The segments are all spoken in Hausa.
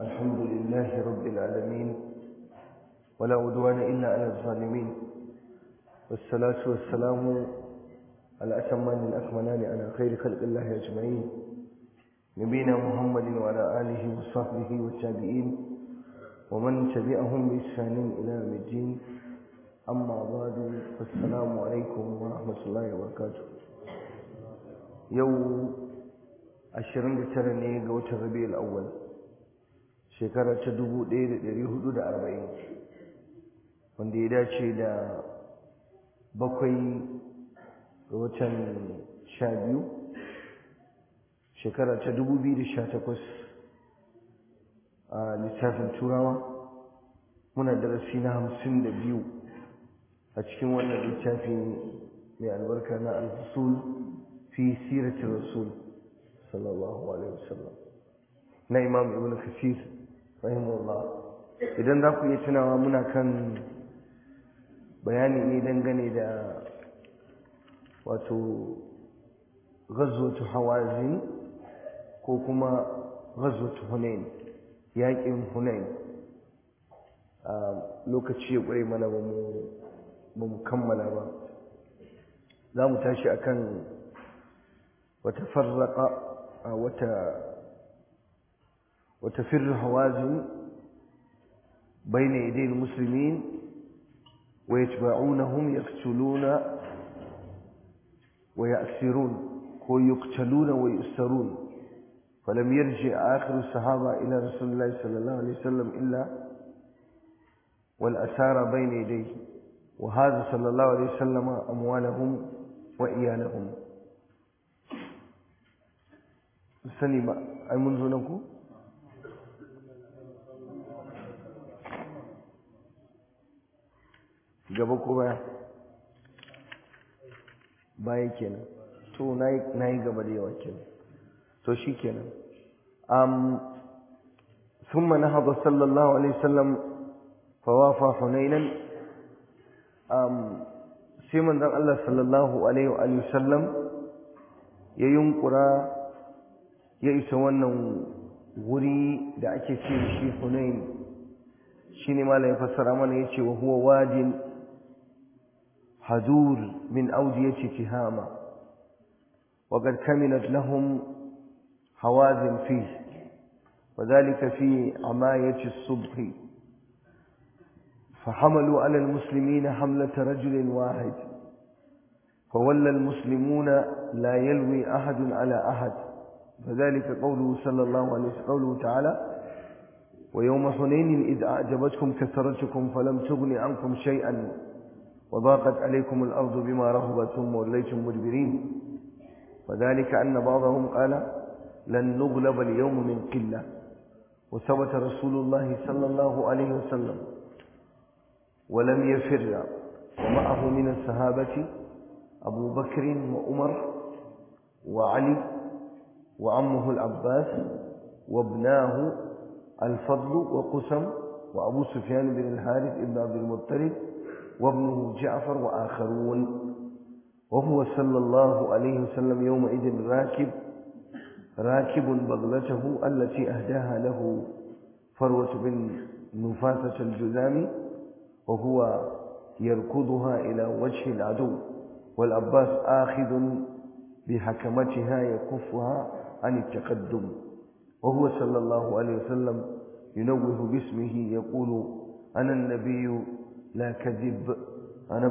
الحمد لله رب العالمين ولا عدوان إلا على الظالمين والصلاة والسلام على أتمان الأكملان على خير خلق الله أجمعين نبينا محمد وعلى آله وصحبه والتابعين ومن تبعهم بإحسان إلى يوم الدين أما بعد فالسلام عليكم ورحمة الله وبركاته يوم 29 ne ga watan Rabiul Awwal shekara ta 1440 wanda ya dace da bakwai ga watan sha biyu shekara ta 2018 a littafin turawa muna darasi na hamsin da biyu a cikin wannan littafi mai albarka na alfusul fi siratul rasul sallallahu alaihi wasallam na imam ibn kasir idan za ku iya tunawa muna kan bayani ne dangane da wato gazzotu hawazin ko kuma gazzotu hunain yaƙin hunain lokaci ya ƙware mana ba mu kammala ba za mu tashi akan wata farraƙa wata وتفر هوازن بين يدي المسلمين ويتبعونهم يقتلون ويأسرون ويقتلون ويؤسرون فلم يرجع آخر الصحابة إلى رسول الله صلى الله عليه وسلم إلا والأسار بين يديه وهذا صلى الله عليه وسلم أموالهم وإيالهم السليمة أي منذ نقول gaba ko baya baya kenan to na yi gaba da yawa kenan to shi kenan um, ثم sallallahu alaihi الله sallam وسلم na حنينا um, sai manzan Allah sallallahu alaihi wa sallam ya yunkura ya isa wannan wuri da ake ce shi Hunain shine malai fassara mana yace wa huwa wajin حذور من أودية تهامة وقد كملت لهم حواذن فيه وذلك في عماية الصبح فحملوا على المسلمين حملة رجل واحد فولى المسلمون لا يلوي أحد على أحد فذلك قوله صلى الله عليه وسلم قوله تعالى ويوم حنين إذ أعجبتكم كثرتكم فلم تغن عنكم شيئا وضاقت عليكم الأرض بما رهبت ثم وليتم مدبرين وذلك أن بعضهم قال لن نغلب اليوم من قلة وثبت رسول الله صلى الله عليه وسلم ولم يفر ومعه من الصحابة أبو بكر وأمر وعلي وعمه العباس وابناه الفضل وقسم وأبو سفيان بن الحارث ابن عبد المطلب وابنه جعفر وآخرون وهو صلى الله عليه وسلم يومئذ راكب راكب بغلته التي أهداها له فروة بن نفاثة الجذام وهو يركضها إلى وجه العدو والعباس آخذ بحكمتها يكفها عن التقدم وهو صلى الله عليه وسلم ينوه باسمه يقول أنا النبي لا كذب أنا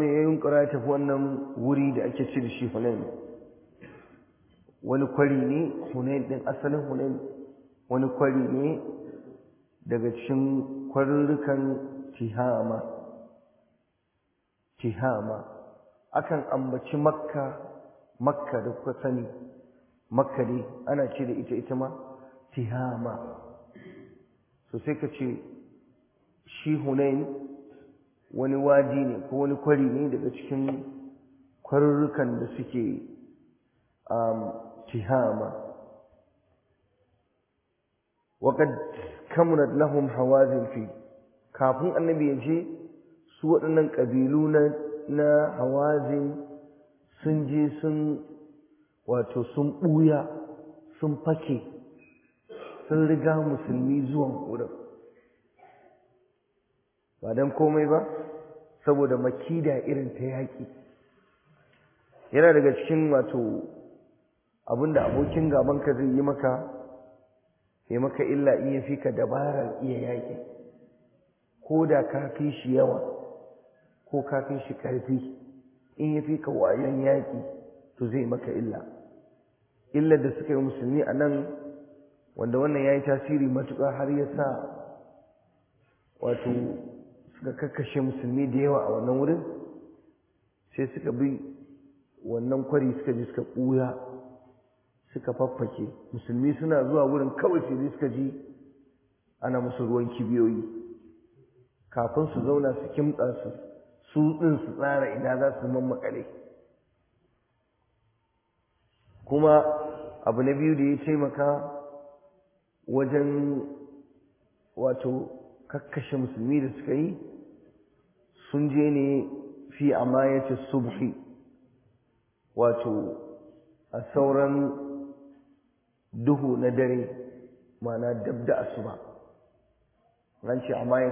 ya yunkura ya tafi wannan wuri da ake ci da shi Hunain wani kwari ne Hunain din asalin Hunain wani kwari ne daga cikin kwarurrukan Tihama Tihama akan ambaci Makka Makka da kuka sani makkali ana ce da ita ita ma tihama so sai ka ce shi hunain wani wadi ne ko wani kwari ne daga cikin kwarurrukan da suke um, tihama waƙad lahum لهم حوازن fi. kafin annabi ya je su waɗannan ƙabilu na hawazin sun je sun wato sun ɓuya sun fake sun riga musulmi zuwan wurin ba don komai ba saboda makida irin ta yaƙi yana daga cikin wato abinda abokin gabanka zai yi maka ya maka illa iya fi ka dabarar iya yaƙi ko da ka fi shi yawa ko ka fi shi ƙarfi in ya fi ka wayon yaƙi to zai maka illa illar da suka yi musulmi a nan wanda wannan ya yi tasiri matuƙa har ya sa wato suka kakkashe musulmi da yawa a wannan wurin sai suka bi wannan kwari suka ji suka ɓuya suka faffake musulmi suna zuwa wurin kawai sai suka ji ana musu ruwan kibiyoyi kafin su zauna su kimtsa su su su tsara ina za su makale kuma abu na biyu da ya taimaka wajen wato kakkashe musulmi da suka yi sun je ne fi ce subhi wato a sauran duhu na dare mana dab da asuba an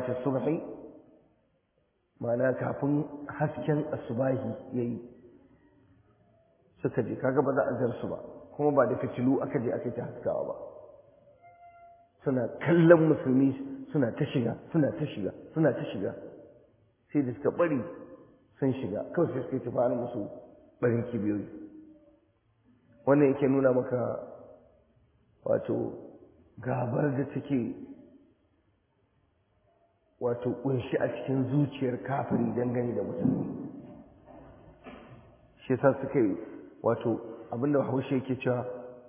ce subhi mana kafin hasken asubahi yayi suka je kaga ba za a jar ba kuma ba da fitilu aka je aka ta haskawa ba suna kallon musulmi suna ta shiga suna ta shiga suna ta shiga sai da suka bari sun shiga kawai sai suka yi tafi musu barin kibiyoyi wannan yake nuna maka wato gabar da take wato kunshi a cikin zuciyar kafiri dangane da musulmi shi sa suka yi wato abinda haushe yake cewa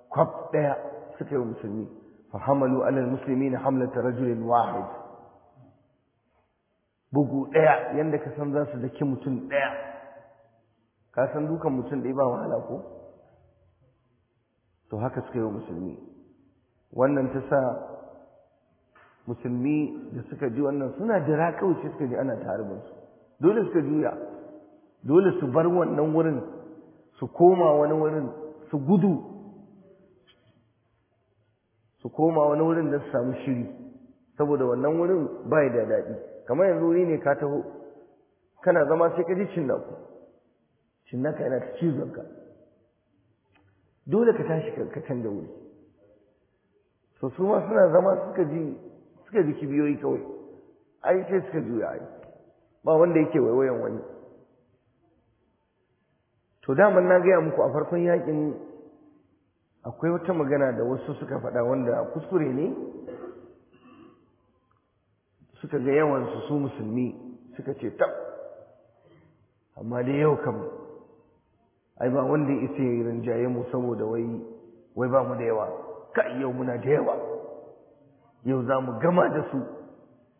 kwaf daya suka yi musulmi fa hamalu alal muslimina hamlata rajulin wahid bugu daya yanda ka san za su daki mutum daya ka san dukan mutum ɗaya ba wahala ko to haka suka yi musulmi wannan ta sa musulmi da suka ji wannan suna jira kawai suka ji ana tare su dole suka juya dole su bar wannan wurin su koma wani wurin su gudu su koma wani wurin da su samu shiri saboda wannan wurin ba da daɗi kamar yanzu wuri ne ka taho kana zama sai ka ji cinnaku cinnaka yana ta cizonka dole ka tashi ka canza wuri so su ma suna zama suka ji suka ji kibiyoyi kawai ai sai suka juya ai ba wanda yake waiwayan wani to daman na gaya muku a farkon yakin akwai wata magana da wasu suka faɗa wanda kuskure ne suka ga yawansu su musulmi suka ce tab amma dai yau kam ai ba wanda ya isa rinjaye mu saboda wai wai ba mu da yawa kai yau muna da yawa yau za mu gama da su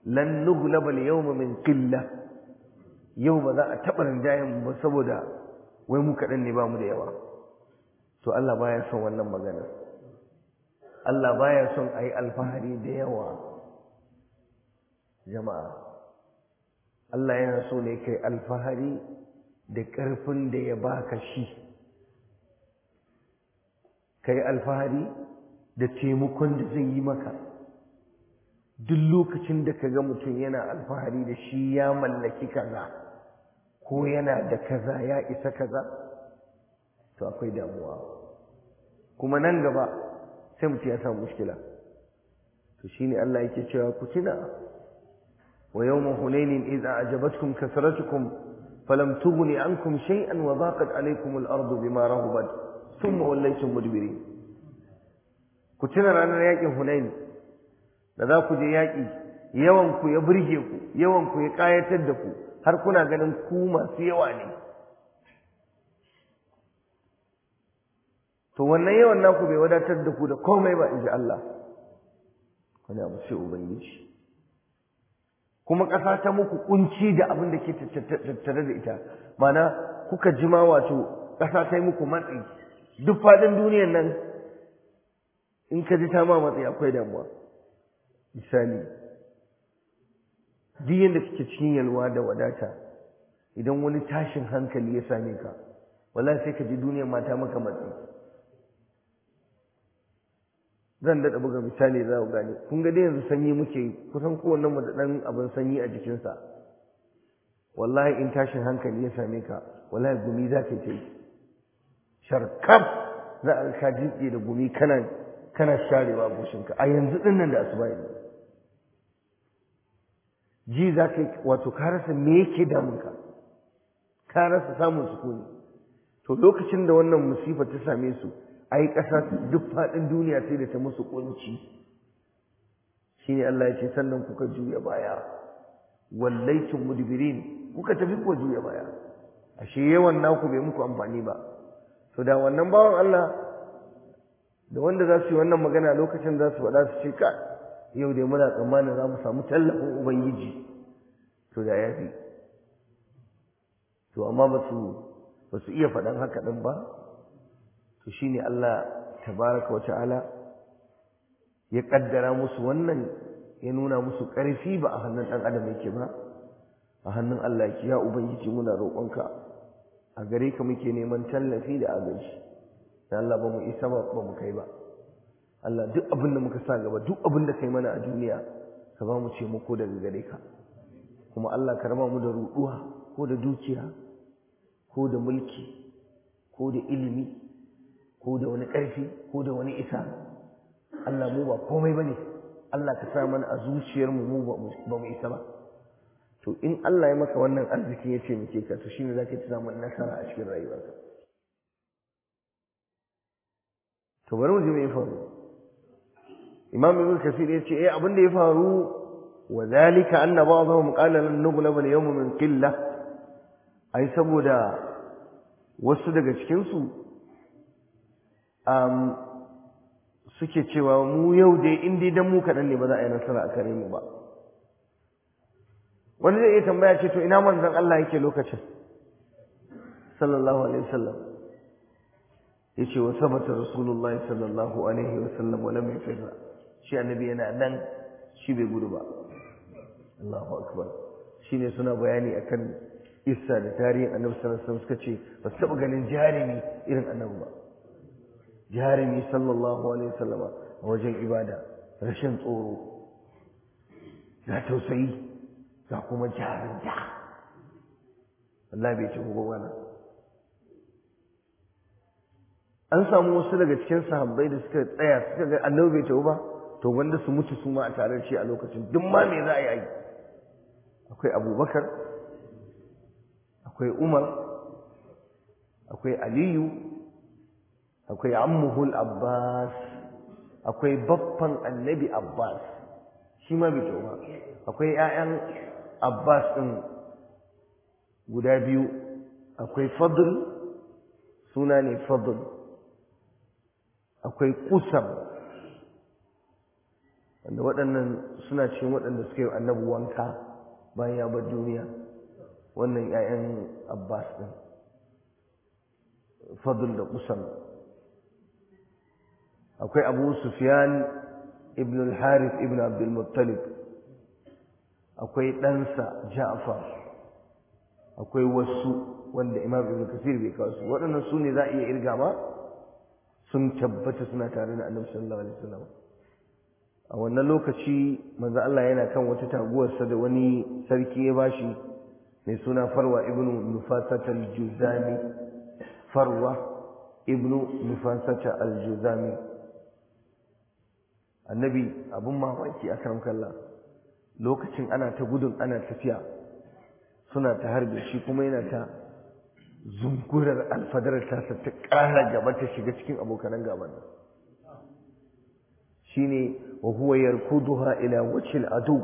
lan nughlaba al-yawma min killa. yau ba za a taɓa rinjayen ba saboda wai mu kaɗan ne ba mu da yawa to Allah baya son wannan magana Allah baya son a yi alfahari da yawa jama'a Allah yana so ne kai alfahari da ƙarfin da ya baka shi kai alfahari da taimakon da zai yi maka duk lokacin da ka ga mutum yana alfahari da shi ya mallaki kaza. ko yana da kaza ya isa kaza to akwai damuwa kuma nan gaba sai mutum ya samu mushkila to shine Allah yake cewa ku tuna wa yawma hunainin idza ajabatkum kasratukum falam tughni ankum shay'an wa daqat alaykum al-ardu bima rahabat thumma wallaytum mudbirin ku tuna ranar yakin hunain da za ku je yaki yawan ku ya burge ku yawan ku ya kayatar da ku har kuna ganin ku masu yawa ne to wannan yawan naku bai wadatar da ku da komai ba inji ji Allah wani abu sai ubangiji kuma ƙasa ta muku kunci da abin da ke tattare da ita mana kuka jima wato ƙasa ta yi muku matsi duk faɗin duniyan nan in ka ji ta ma matsi akwai damuwa misali duk yadda kake cikin yalwa da wadata idan wani tashin hankali ya same ka wallahi sai ka ji ma mata maka matsi zan daɗa buga misali za ku gane kun ga dai yanzu sanyi muke kusan kowanne mu da ɗan abin sanyi a jikinsa wallahi in tashin hankali ya same ka wallahi gumi za ka yi sharkaf za a ka jiƙe da gumi kana kana sharewa goshinka a yanzu ɗin da asuba yanzu ji za ka wato ka rasa me yake damunka ka rasa samun sukuni to lokacin da wannan musifa ta same su ai ƙasa duk faɗin duniya sai da ta musu kunci ne Allah ya ce sannan kuka juya baya wallaikin mudbirin kuka tafi ko juya baya ashe yawan naku bai muku amfani ba to da wannan bawan Allah da wanda za su yi wannan magana lokacin za su faɗa su ce ka yau dai muna tsammanin za mu samu tallafin ubangiji to da ya fi to amma ba su iya faɗan haka ɗin ba to shi ne Allah tabaraka wa ta'ala ya ƙaddara musu wannan ya nuna musu ƙarfi ba a hannun ɗan adam yake ba a hannun Allah yake ya ubangiji muna roƙonka a gare ka muke neman tallafi da agaji da Allah ba mu isa ba ba mu kai ba Allah duk abin da muka sa gaba duk abin da kai mana a duniya ka ba mu ce muku daga gare ka kuma Allah karama mu da ruɗuwa ko da dukiya ko da mulki ko da ilimi ko da wani ƙarfi ko da wani isa Allah mu ba komai bane Allah ka sa mana a zuciyar mu ba mu isa ba to in Allah ya maka wannan arziki ya ce muke ka to shine zaka ci samun nasara a cikin rayuwarka to bari mu ji me faru Imam Ibn Kasir ya ce eh abin da ya faru وذلك أن بعضهم قال لن نغلب اليوم من قلة أي سبودا وسدق شكنسو أم suke cewa mu yau dai in dai dan mu kaɗan ne ba za a yi nasara a kare mu ba wani zai iya tambaya ce to ina manzon Allah yake lokacin sallallahu alaihi wasallam yace wa sabata rasulullahi sallallahu alaihi wasallam wa lam yafirra shi annabi yana nan shi bai gudu ba Allahu akbar shine suna bayani akan Isa da tarihin Annabi sallallahu alaihi wasallam suka ce ba su ganin jarumi irin Annabi ba jarumi sallallahu alaihi wasallama a wajen ibada rashin tsoro da tausayi da kuma jarinta Allah bai ci gobe wani an samu wasu daga cikin sahabbai da suka tsaya suka ga annabi bai tafi ba to wanda su mutu su ma a tare shi a lokacin duk ma me za a yi akwai abubakar akwai umar akwai aliyu akwai ammuhul abbas akwai babban annabi abbas shi ma bi ba akwai 'ya'yan abbas ɗin guda biyu akwai fadl suna ne fadl akwai kusam wanda waɗannan suna cikin waɗanda suka yi annabi wanka bayan ya bar duniya wannan 'ya'yan abbas ɗin fadl da kusan akwai abu sufyan ibn al-harith ibn abdul muttalib akwai ɗansa ja'far akwai wasu wanda imam ibn kasir bai kawo su waɗannan su ne za a iya irga ba sun tabbata suna tare da annabi sallallahu alaihi wasallam a wannan lokaci manzo Allah yana kan wata taguwarsa da wani sarki ya bashi mai suna Farwa ibn Nufasat al-Juzami Farwa ibn Nufasat al-Juzami annabi abun mamaki akan kalla lokacin ana ta gudun ana tafiya suna ta harbe shi kuma yana ta zungurar alfadarar tasa ta ƙara gaba ta shiga cikin abokanan gaban Shi ne. wa huwa yarkuduha ila wajhi al-adu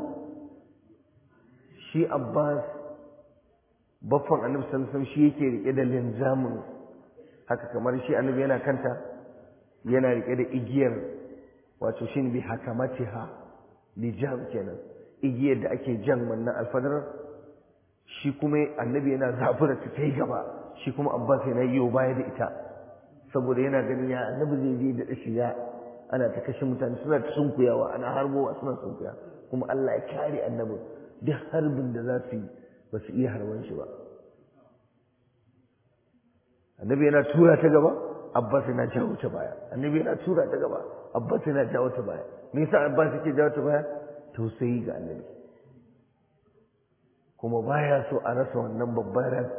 shi Abbas baffan Annabi sallallahu shi yake rike da linzamin haka kamar shi Annabi yana kanta yana rike da igiyar wato shin bi hakamatiha lijam kenan igiyar da ake jan wannan alfadar shi kuma Annabi yana zafura ta kai gaba shi kuma Abbas yana yi yiwo baya da ita saboda yana ganin ya Annabi zai je da shi ya ana ta kashe mutane suna ta sunkuyawa ana harbowa suna sunkuya kuma Allah ya kare annabin duk harbin da za su yi ba su iya harban shi ba annabi yana tura ta gaba abbas yana jawo ta baya annabi yana tura ta gaba abbas yana jawo ta baya me yasa abbas yake jawo ta baya tausayi ga annabi kuma baya so a rasa wannan babbar ran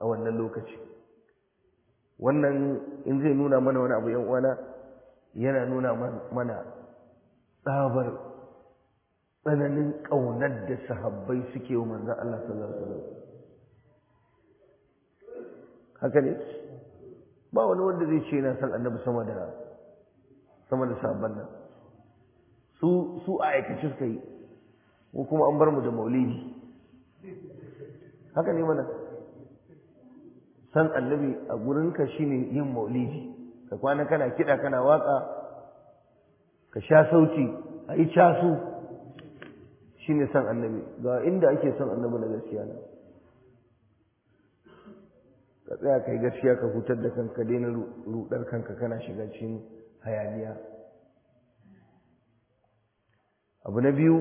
a wannan lokaci wannan in zai nuna mana wani abu yan uwana yana nuna mana tsabar tsananin ƙaunar da sahabbai suke wa manzan Allah sallallahu alaihi wasallam haka ne ba wani wanda zai ce yana san annabi sama da sama da sahabban nan su su a aikace suka yi ko kuma an bar mu da maulidi haka ne mana san annabi a gurinka shine yin maulidi ka kwana kana kiɗa kana waƙa ka sha sauti a yi casu shi ne son annabi ga inda ake son annabi na gaskiya na ka tsaya ka yi gaskiya ka hutar da kanka daina rudar kanka kana shiga cikin hayaniya abu na biyu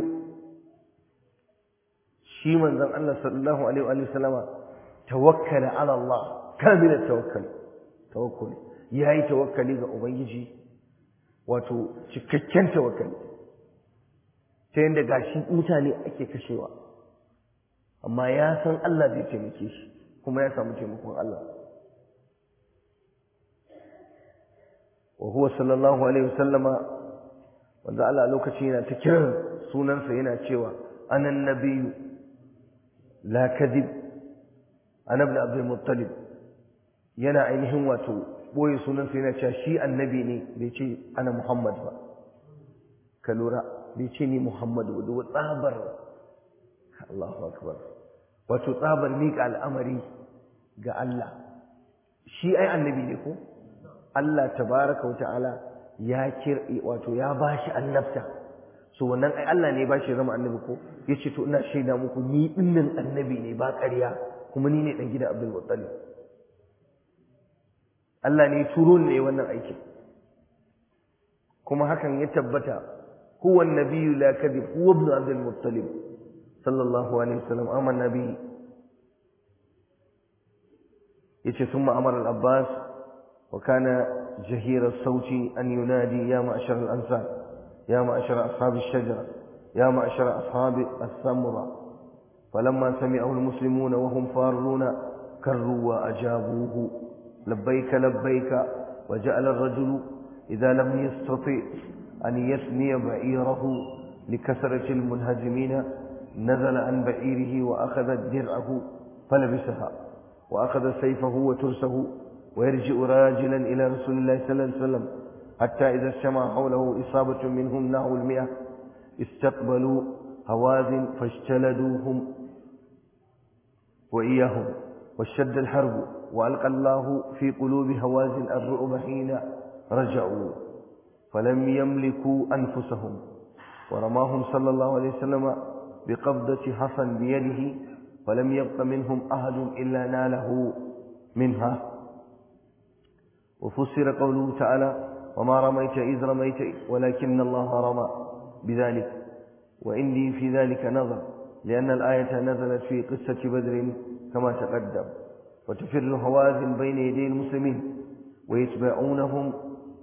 shi manzon Allah sallallahu alaihi wa sallama tawakkala ala Allah da tawakkul tawakkuli ya yi tawakkali ga ubangiji wato cikakken tawakali, ta yadda gashi mutane ake kashewa amma ya san Allah zai taimake shi kuma ya samu taimakon Allah wa huwa sallallahu alaihi wasallama wanda Allah lokaci yana ta kiran sunansa yana cewa anan nabiyu la kadib ana muttalib yana ainihin wato boye sunansa yana cewa shi annabi ne bai ce ana muhammad ba ka lura bai ce ni Muhammad, muhammadu da tsabar Allahu akbar wato tsabar miƙa al'amari ga Allah shi ai annabi ne ko Allah tabaraka wa ta'ala ya kir wato ya bashi annabta so wannan ai Allah ne ba bashi zama annabi ko Ya ce to ina shaida muku ni dinnan annabi ne ba ƙarya kuma ni ne dan gida Abdul Muttalib Allah ne turo ne wannan aikin kuma hakan ya tabbata huwa nabiyyu la kadhib huwa ibn abdul muttalib sallallahu alaihi wasallam amma nabi yace thumma amara al-abbas wa kana jahira as-sawti an yunadi ya ma'ashar al-ansar ya ma'ashar ashab ash-shajara ya ma'ashar ashab as-samra falamma sami'ahu al-muslimuna wa hum farruna karru wa ajabuhu لبيك لبيك وجعل الرجل إذا لم يستطع أن يثني بعيره لكثرة المنهزمين نزل عن بعيره وأخذ درعه فلبسها وأخذ سيفه وترسه ويرجع راجلا إلى رسول الله صلى الله عليه وسلم حتى إذا اجتمع حوله إصابة منهم نحو المئة استقبلوا هوازن فاجتلدوهم وإياهم واشتد الحرب وألقى الله في قلوب هوازن الرؤب حين رجعوا فلم يملكوا أنفسهم ورماهم صلى الله عليه وسلم بقبضة حصن بيده فلم يبق منهم أحد إلا ناله منها وفسر قوله تعالى وما رميت إذ رميت ولكن الله رمى بذلك وإني في ذلك نظر لأن الآية نزلت في قصة بدر كما تقدم وتفر هوازن بين يدي المسلمين ويتبعونهم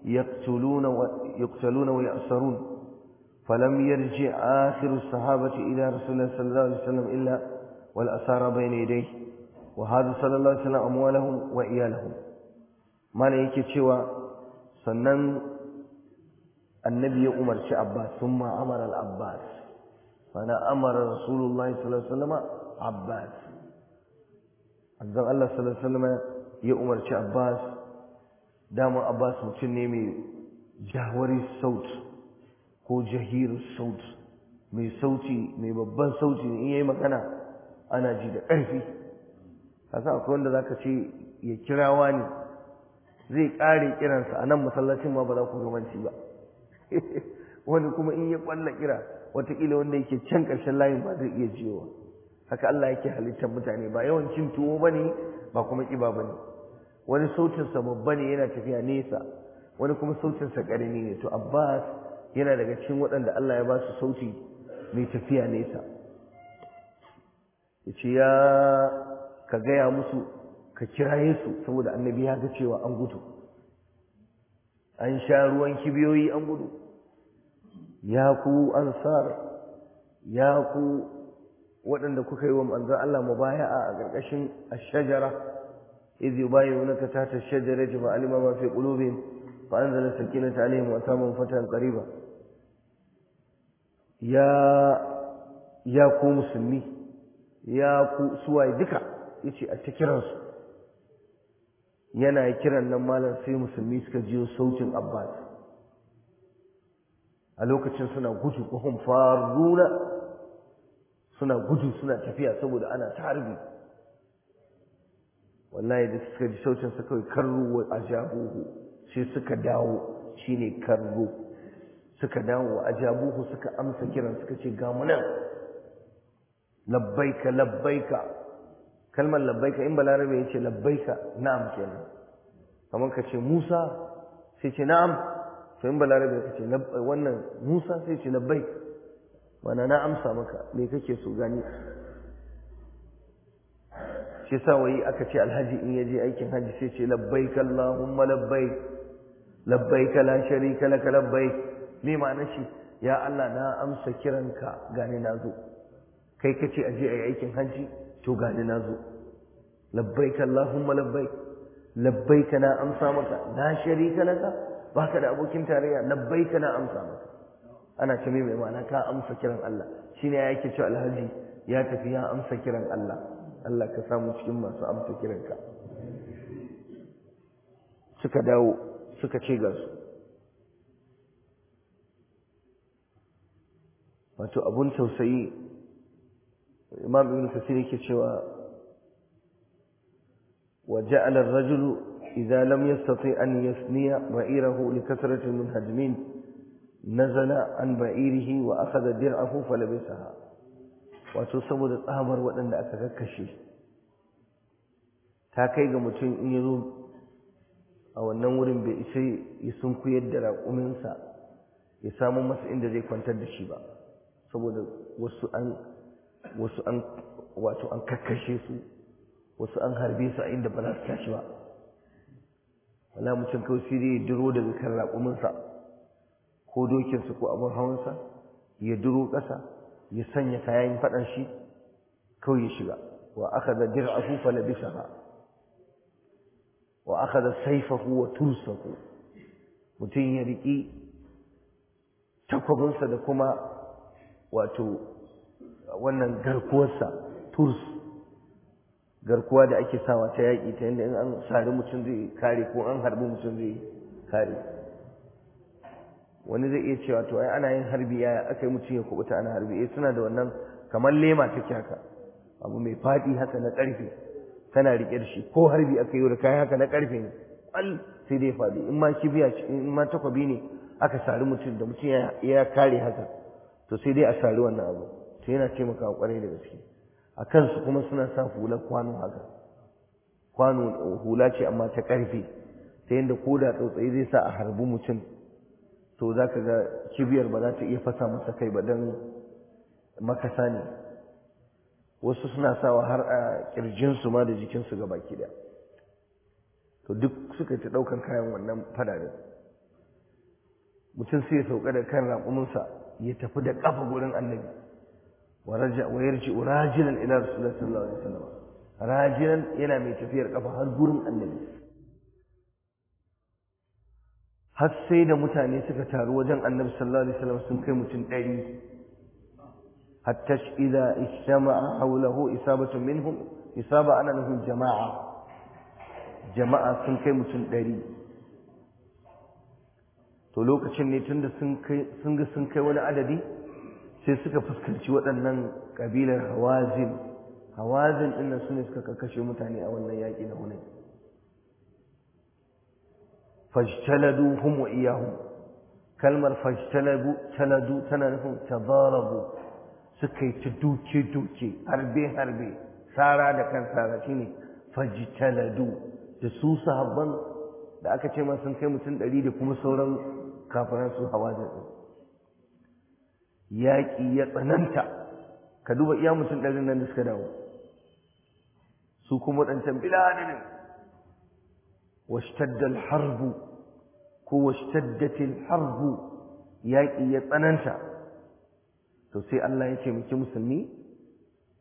يقتلون ويقتلون ويأسرون فلم يرجع آخر الصحابة إلى رسول الله صلى الله عليه وسلم إلا والأسارى بين يديه وهذا صلى الله عليه وسلم أموالهم وإيالهم ما لأيك سوى سنن النبي أمر عباس ثم أمر العباس فأنا أمر رسول الله صلى الله عليه وسلم عباس Azan Allah sallallahu alaihi wasallam ya umarci Abbas dama Abbas mutum ne mai jawari saut ko jahiru saut mai sauti mai babban sauti ne in yi magana ana ji da ƙarfi Kasa akwai wanda zaka ce ya kirawa ne zai ƙare kiransa a nan masallacin ma ba za ku gamanci ba wani kuma in ya kwalla kira watakila wanda yake can ƙarshen layin ba zai iya jiyowa haka Allah yake halittar mutane ba yawan cin tuwo bane ba kuma kiba bane wani sautin sa babba ne yana tafiya nesa wani kuma sautin sa karami ne to Abbas yana daga cikin waɗanda Allah ya ba su sauti mai tafiya nesa yace ya ka gaya musu ka kira Yesu, saboda annabi ya ga cewa an gudu an sha ruwan kibiyoyi an gudu ya ku ansar ya ku waɗanda kuka yi wa manzan Allah baya a ƙarƙashin ashajara iz yubayyi'unaka tahta ta shajarati fa alima ma fi qulubihim fa anzala sakinata 'alayhim wa samun fatan qariba ya ya ku musulmi ya ku suwaye duka yace a ta kiransu yana kiran nan malam sai musulmi suka jiyo sautin abbas a lokacin suna gudu wahum faruna suna gudu suna tafiya saboda ana tarbi wallahi da suka ji saucin suka yi karru wa jabuhu sai suka dawo shi ne karru suka dawo wa jabuhu suka amsa kiran suka ce gamunan nan labbaika labbaika kalmar labbaika in balarabe ya ce labbaika na'am kenan kamar ka ce musa sai ce na'am to in balarabe ka ce wannan musa sai ce labbaika wana na amsa maka me kake so gani shi sa wai aka ce alhaji in yaje aikin haji sai ce labbaik allahumma labbaik labbaik la sharika laka labbaik me ma'ana shi ya Allah na amsa kiranka gani na zo kai kace aje ayi aikin haji to gani na zo labbaik allahumma labbaik labbaik na amsa maka la sharika laka baka da abokin tarayya labbaik na amsa maka ana ta mai mai ma'ana ka amsa kiran Allah shine ya yake cewa alhaji ya tafi ya amsa kiran Allah Allah ka samu cikin masu amsa kiranka suka dawo suka ce ga su wato abun tausayi imam ibn kasir yake cewa wa ja'ala ar-rajulu idza lam yastati an yasniya ba'irahu li kasrati al نزل عن بعيره وأخذ درعه فلبسها وتصبد الأمر وأن شيء تاكي متين إن يذوب أو النور بإسي يسنك يدرع أمنسا مس مسئن دذي كنت الدشيبا صبد وسؤال وسؤال wato أن kakkashe su wasu an harbe su a inda ba za su tashi ba wala mutum kawai sai dai duro daga kan raƙuminsa ko dokinsa ko abin hawansa ya duro ƙasa ya sanya kayan faɗan shi kawai ya shiga wa aka da dir'ahu fa labisaha wa aka da saifahu wa tursahu mutum ya riƙi takwabinsa da kuma wato wannan garkuwarsa turs garkuwa da ake sawa ta yaƙi ta yadda in an sari mutum zai kare ko an harbi mutum zai kare wani zai iya cewa to ai ana yin harbi yaya aka yi mutum ya kubuta ana harbi eh suna da wannan kamar lema take haka abu mai faɗi haka na ƙarfe kana riƙe shi ko harbi aka yi da kayan haka na ƙarfe ne al sai dai faɗi in ma kibiya in ma takwabi ne aka sari mutum da mutum ya kare haka to sai dai a sari wannan abu to yana taimakawa kware da gaske a kansu kuma suna sa hular kwano haka kwano hula ce amma ta ƙarfe ta yadda ko da tsautsayi zai sa a harbi mutum to za ka ga kibiyar ba za ta iya fasa masa kai ba don makasa ne wasu suna sawa har a ƙirjinsu ma da jikinsu ga baki da to duk suka ta ɗaukan kayan wannan fadarin mutum sai ya sauka da kan raƙuminsa ya tafi da ƙafa gurin annabi wa yarji rajilan ila rasulullahi sallallahu alaihi wasallam rajilan yana mai tafiyar ƙafa har gurin annabi har sai da mutane suka taru wajen annabi sallallahu alaihi wasallam sun kai mutum ɗari hatta idza ishtama'a hawlahu isabatu minhum isaba ana nufin jama'a jama'a sun kai mutum ɗari to lokacin ne tunda sun kai sun ga sun kai wani adadi sai suka fuskanci waɗannan kabilar hawazin hawazin ɗin nan su ne suka kakkashe mutane a wannan yaƙi na hunayn فاجتلدوا هم وإياهم كلمة فاجتلدوا تلدوا تنالهم تضاربوا سكي تدوتي دوتي هربي هربي سارة لكن سارة شيني فاجتلدوا تسوس هبا لأكا تيما سنكي متن دليل كم سورا كافران سو حواجر ياكي يطننتا كدوبا إيا متن لذن نسكداو سوكم وطن تنبلا لنن واشتد الحرب ko washtaddatil harbu yaƙi ya tsananta to sai Allah ya ce miki musulmi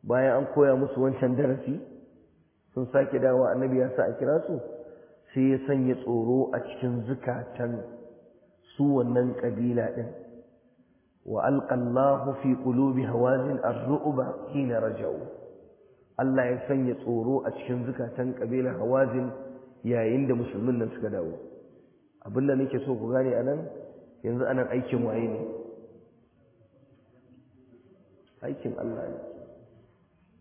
bayan an koya musu wancan darasi sun sake dawa annabi ya sa a kira su sai ya sanya tsoro a cikin zukatan su wannan kabila din wa alqallahu fi qulubi hawazin ar-ru'ba hina raja'u Allah ya sanya tsoro a cikin zukatan kabila hawazin yayin da musulmin nan suka dawo abinda nake so ku gane anan yanzu anan aikin waye ne aikin Allah ne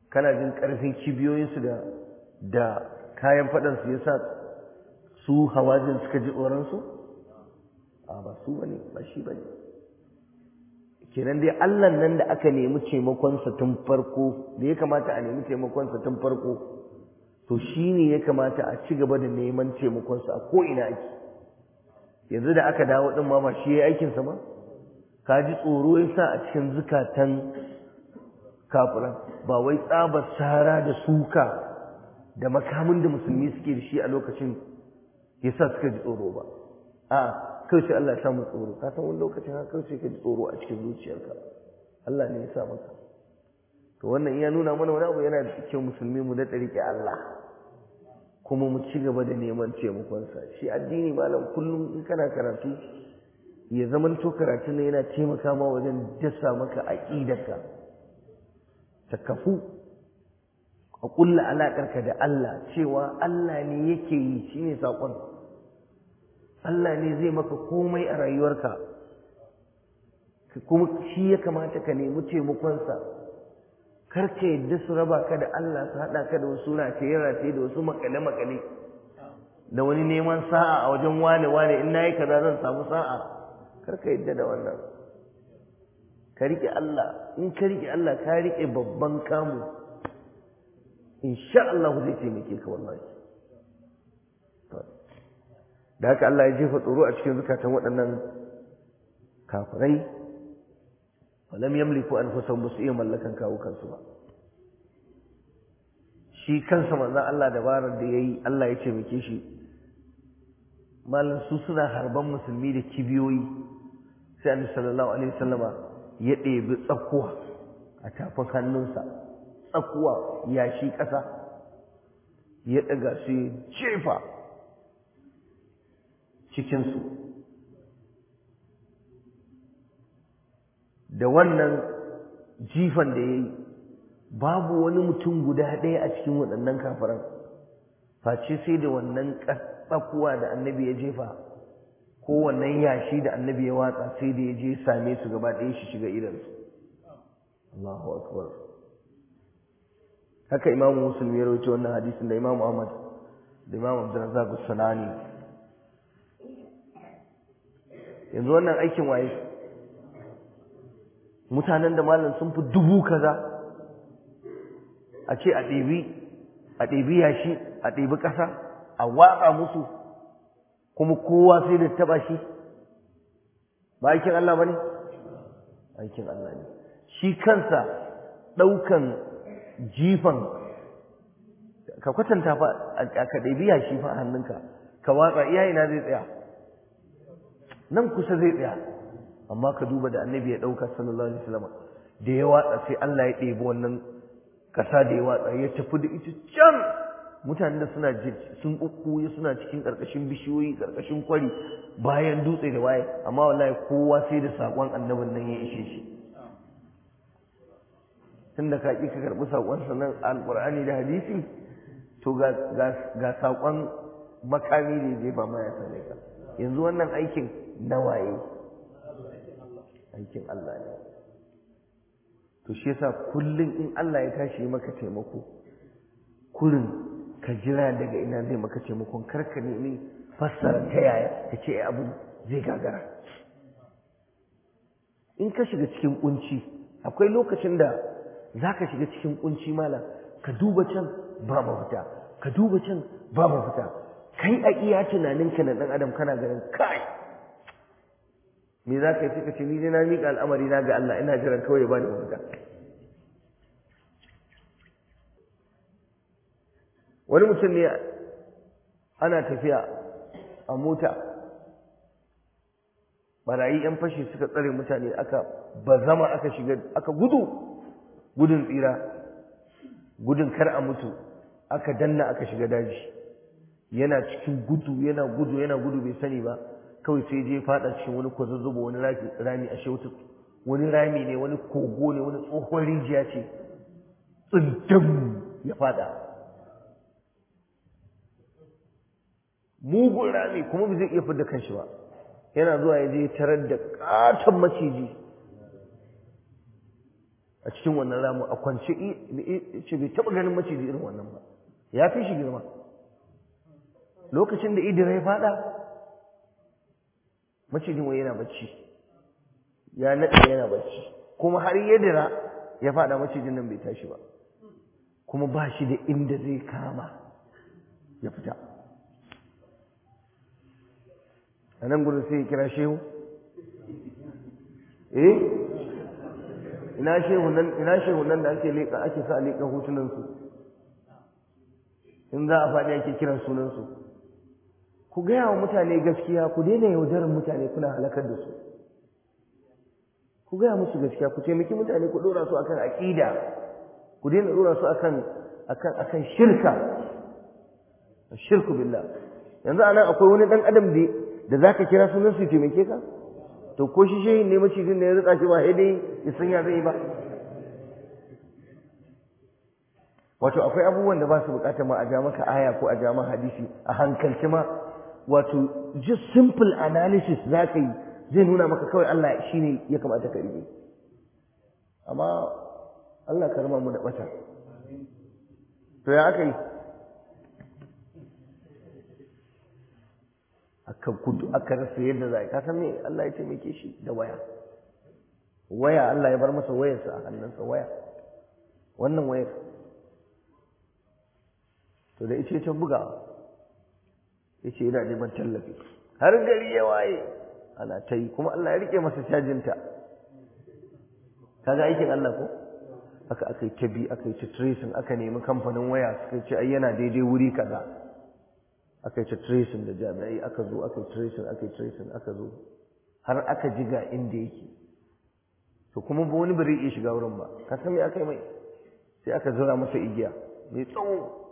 kana jin karfin kibiyoyinsu da da kayan fadan su yasa su hawajin suka ji tsoron su a ba su bane ba shi bane kenan dai Allah nan da aka nemi taimakonsa sa tun farko da ya kamata a nemi taimakonsa sa tun farko to shine ya kamata a ci gaba da neman taimakonsa sa a ko ina ake yanzu da aka dawo ɗin ma ba shi ya aikin sa ba ka ji tsoro yasa a cikin zukatan kafuran ba wai tsaba sara da suka da makamin da musulmi suke da shi a lokacin yasa suka ji tsoro ba a'a kawai Allah ya samu tsoro ka san wani lokacin haka kawai ka ji tsoro a cikin zuciyarka Allah ne ya sa maka to wannan iya nuna mana wani abu yana da cikin musulmi mu da tsarki Allah kuma mu ci gaba da neman taimakonsa shi addini malam kullum in kana karatu ya zaman to karatu ne yana taimaka ma wajen dasa maka aƙidarka ta kafu a ƙulla alaƙarka da Allah cewa Allah ne yake yi shi ne saƙon Allah ne zai maka komai a rayuwarka kuma shi ya kamata ka nemi taimakonsa kar ka yadda su raba ka da Allah su haɗa ka da wasu rataye-rataye da wasu makale-makale da wani neman sa'a a wajen wane-wane in nayi kaza zan samu sa'a kar ka yadda da wannan ka rike Allah in ka rike Allah ka rike babban kamu insha Allah zai taimake ka wallahi da haka Allah ya jefa tsoro a cikin zukatan waɗannan kafirai falam yamliku anfusahum basu iya mallakan kawukansu ba shi kansa manzon Allah dabarar da yayi Allah ya taimake shi malan su suna harban musulmi da kibiyoyi sai annabi sallallahu alaihi wasallama ya ɗebi tsakkuwa a tafin hannunsa ya yashi ƙasa ya ɗaga su jefa cikinsu da wannan jifan da ya yi babu wani mutum guda ɗaya a cikin waɗannan kafiran face sai da wannan tsakuwa da annabi ya jefa ko wannan yashi da annabi ya watsa sai da ya je same su gaba ɗaya shi shiga idansu Allahu akbar haka imamu Musulmi ya rawaito wannan hadisin da imamu ahmad da imamu abdurrazzaq sanani yanzu wannan aikin waye mutanen da malam sun fi dubu kaza a ce a ɗebi a ɗebi yashi a ɗebi ƙasa a watsa musu kuma kowa sai da taɓa shi ba aikin Allah ba ne? aikin Allah ne shi kansa ɗaukan jifan ka kwatanta fa ka ɗebi yashi fa hannunka ka watsa iya zai tsaya nan kusa zai tsaya amma ka duba da annabi ya dauka sallallahu alaihi wasallam da ya watsa sai Allah ya ɗebi wannan kasa da ya watsa ya tafi da ita can mutanen da suna sun kukkuye suna cikin karkashin bishiyoyi karkashin kwari bayan dutse da waye amma wallahi kowa sai da sakon annabin nan ya ishe shi tunda ka ki ka karbi sakon sanan alqur'ani da hadisi to ga ga sakon makami ne zai ba ma ya sane ka yanzu wannan aikin na waye aikin Allah ne to shi yasa kullum in Allah ya tashi maka taimako kullun ka jira daga ina zai maka taimakon karka ne fassara ta yaya ka ce abu zai gagara in ka shiga cikin kunci akwai lokacin da za ka shiga cikin kunci mala ka duba can ba mafita ka duba can ba mafita kai a iya tunaninka na ɗan adam kana ganin kai me za ka yi suka ce ni dai na miƙa al'amari na ga Allah ina jiran kawai ya bani mafita wani mutum ne ana tafiya a mota barayi yan fashi suka tsare mutane aka bazama aka shiga aka gudu gudun tsira gudun kar a mutu aka danna aka shiga daji yana cikin gudu yana gudu yana gudu bai sani ba kawai sai je fada cikin wani kwazazzubo wani rami a shautu wani rami ne wani kogo ne wani tsohon rijiya ce tsindam ya fada mugun rami kuma bai zai iya fidda kanshi ba yana zuwa ya je tarar da katon maciji a cikin wannan ramu a kwance ce bai taɓa ganin maciji irin wannan ba ya fi shi girma lokacin da idira ya fada macijin wai yana bacci ya naɗe yana bacci kuma har yadda ya faɗa macijin nan bai tashi ba kuma ba shi da inda zai kama ya fita a nan gudun sai ya kira shehu eh ina shehu nan da ake leƙa ake sa leƙa hotunansu in za a faɗi ake kiran sunansu ku gaya wa mutane gaskiya ku daina yaudarar mutane kuna halakar da su ku gaya musu gaskiya ku taimaki mutane ku ɗora su akan aƙida ku daina ɗora su akan akan akan shirka shirku billah yanzu anan akwai wani ɗan adam da zaka kira sunan su taimake ka to ko shi shehin ne macijin da ya rika shi ba haidai ya san ya zai ba wato akwai abubuwan da ba su bukatar ma a ja maka aya ko a ja hadisi a hankalci ma wato just simple analysis za ka yi zai nuna maka kawai Allah shi ne ya kamata ka rige amma Allah ka rama mu da ɓata to ya aka yi aka kudu aka rasa yadda za a yi ka san Allah ya ce mai shi da waya waya Allah ya bar masa wayarsa a hannunsa waya wannan wayar to da ita ta buga Yace ce yana neman tallafi har gari ya waye ana ta yi kuma Allah ya rike masa cajinta kaga aikin Allah ko aka aka yi ta bi aka yi ta tracing aka nemi kamfanin waya suka ce ai yana daidai wuri kaza aka yi ta tracing da jami'ai aka zo aka yi tracing aka yi tracing aka zo har aka ji ga inda yake to kuma ba wani bari ya shiga wurin ba ka san me aka yi mai sai aka zura masa igiya mai tsawo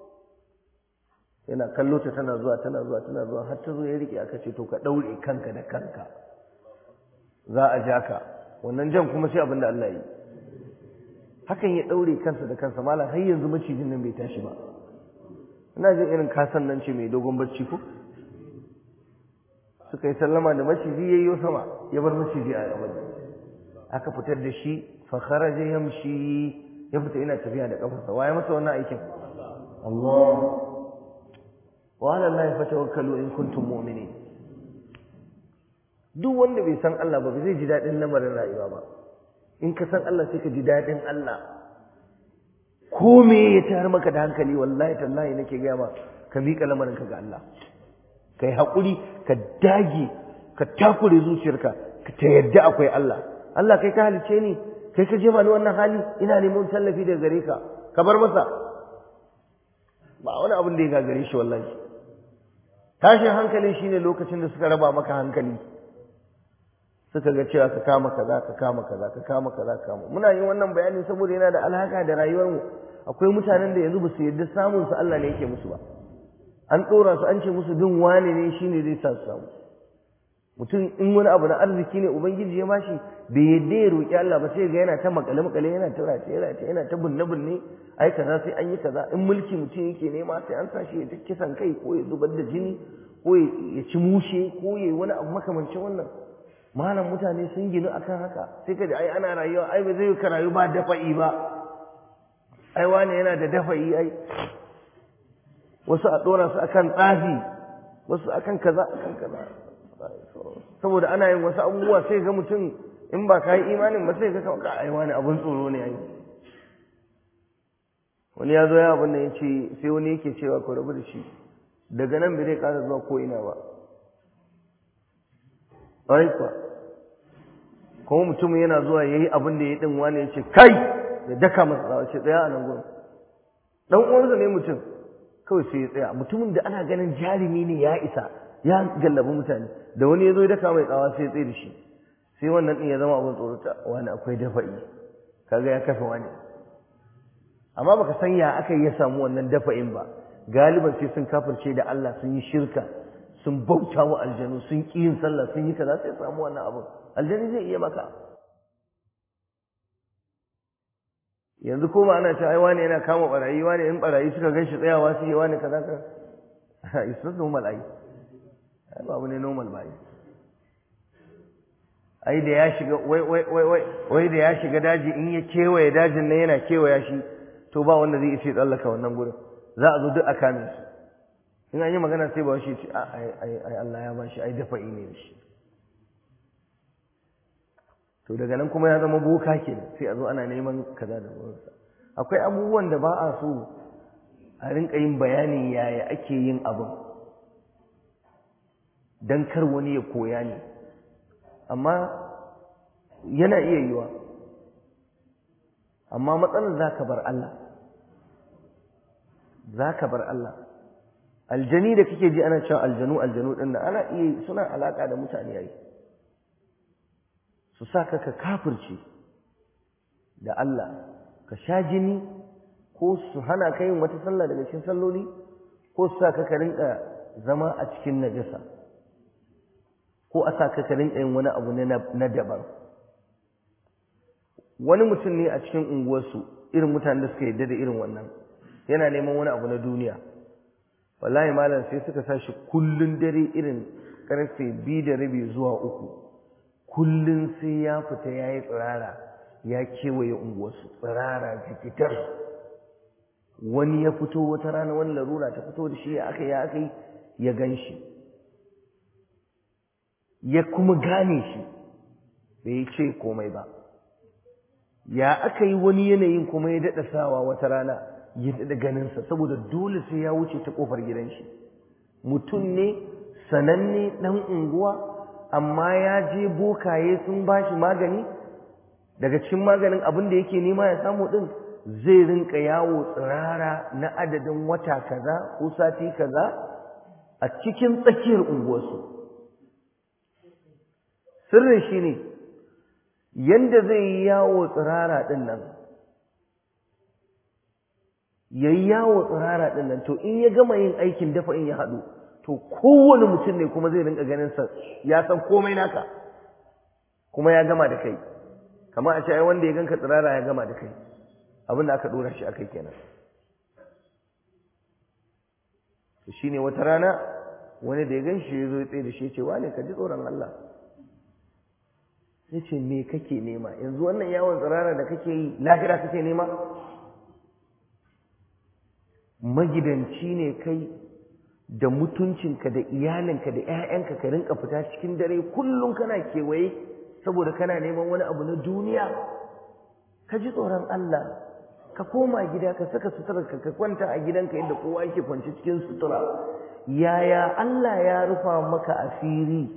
yana kallo ta tana zuwa tana zuwa tana zuwa har ta zo ya rike aka ce to ka daure kanka da kanka za a ja ka wannan jan kuma sai abin da Allah yi hakan ya ɗaure kansa da kansa malam har yanzu macijin nan bai tashi ba ina jin irin kasan nan ce mai dogon barci ko suka yi sallama da maciji ya sama ya bar maciji a gaban aka fitar da shi fa kharaja yamshi ya fita ina tafiya da kafarsa waye masa wannan aikin Allah wa ala allahi fatawakkalu in kuntum mumini duk wanda bai san Allah ba zai ji daɗin lamarin rayuwa ba in ka san Allah sai ka ji daɗin Allah ko me ya tayar maka da hankali wallahi tallahi nake gaya ma ka miƙa lamarin ka ga Allah ka yi haƙuri ka dage ka takure zuciyarka ka ta yadda akwai Allah Allah kai ka halice ni kai ka jefa ni wannan hali ina neman tallafi daga gare ka ka bar masa ba wani abin da ya gagare shi wallahi tashin hankali shine lokacin da suka raba maka hankali suka ga cewa ka kama kaza ka kama kaza ka kama kaza ka kama muna yin wannan bayani saboda yana da alhaka da rayuwar mu akwai mutanen da yanzu ba su yarda samun su Allah ne yake musu ba an dora su an ce musu bin wane ne shine zai sa su samu mutum in wani abu na arziki ne ubangiji ya bashi bai yadda ya roƙi Allah ba sai ga yana ta makale makale yana ta race race yana ta bunne bunne ai kaza sai an yi kaza in mulki mutum yake nema sai an sa ya ta kisan kai ko ya zubar da jini ko ya ci mushe ko ya wani abu makamancin wannan malam mutane sun a akan haka sai ka ji ai ana rayuwa ai ba zai ka rayu ba dafa'i ba ai wani yana da dafa'i ai wasu a dora su akan tsafi wasu akan kaza akan kaza saboda ana yin wasu abubuwa sai ga mutum in ba ka yi imanin ba sai ka kawai ai wani abun tsoro ne ai wani ya zo ya abin da ya ce sai wani yake cewa ku rabu da shi daga nan bai zai ƙara zuwa ko ina ba ƙwarai fa kuma mutumin yana zuwa ya yi abin da ya din wani ya ce kai da daka masa tsawa ce tsaya a nan gurin ɗan uwansa ne mutum kawai sai ya tsaya mutumin da ana ganin jarumi ne ya isa ya gallabi mutane da wani ya zo ya daka mai tsawa sai ya tsaye da shi sai wannan din ya zama abin tsorata wani akwai dafa'i kaga ya kafa wani amma baka san ya aka yi ya samu wannan dafa'in ba galiban sai sun kafirce da Allah sun yi shirka sun bauta wa aljanu sun ki yin sallah sun yi kaza sai samu wannan abin aljani zai iya maka yanzu ko ma ana ta ai wani yana kama barayi wani in barayi suka gan shi tsayawa su yi wani kaza ka is not normal ai ai babu ne normal ba ai da ya shiga wai wai wai wai da ya shiga daji in ya kewaye dajin nan yana kewaya shi to ba wanda zai iya tsallaka wannan gurin za a zo duk a kame su in an yi magana sai ba shi ce ai Allah ya ba shi ai dafa ne da shi to daga nan kuma ya zama boka ke sai a zo ana neman kaza da wurinsa akwai abubuwan da ba a so a rinka yin bayani yaya ake yin abin don kar wani ya koya ne amma yana iya yiwa amma matsalar za ka bar Allah za ka bar Allah aljani da kake ji ana cewa aljanu aljanu din nan ana iya suna alaka da mutane yayi su saka ka kafirce da Allah ka sha jini ko su hana ka yin wata sallah daga cikin salloli ko su saka ka rinka zama a cikin najasa ko a saka ka rinka yin wani abu ne na daban wani mutum ne a cikin unguwarsu irin mutanen da suka yarda da irin wannan yana neman wani abu na duniya wallahi malam sai suka sashi kullun dare irin karfe biyu da rabi zuwa uku kullun sai ya fita ya yi tsirara ya kewaye unguwarsu tsirara jikitar wani ya fito wata rana wani larura ta fito da shi ya aka ya aka ya gan shi ya kuma gane shi bai ce komai ba ya aka yi wani yanayin kuma ya daɗa sawa wata rana yi da ganinsa saboda dole sai ya wuce ta kofar gidan shi mutum ne sananne ɗan unguwa amma ya je bokaye sun bashi magani daga cikin maganin abin da yake nema ya samu din zai rinka yawo tsirara na adadin wata kaza ko sati kaza a cikin tsakiyar unguwarsu sirrin shi ne yadda zai yi yawo tsirara ɗin nan ya yi yawo tsirara ɗin nan to in ya gama yin aikin dafa in ya haɗu to kowane mutum ne kuma zai rinka ganin sa ya san komai naka kuma ya gama da kai kamar a shayi wanda ya ganka tsirara ya gama da kai abinda aka ɗora shi akai kenan to shine wata rana wani da ya gan shi ya zo ya tsaye da shi ya ce wane ka ji tsoron Allah ya ce me kake nema yanzu wannan yawon tsirara da kake yi lahira kake nema magidanci ne kai da mutuncinka da iyalinka da 'ya'yanka ka rinka fita cikin dare kullum kana kewaye saboda kana neman wani abu na duniya ka ji tsoron Allah ka koma gida ka saka sutura ka kwanta a gidanka yadda kowa yake kwanci cikin sutura yaya Allah ya rufa maka asiri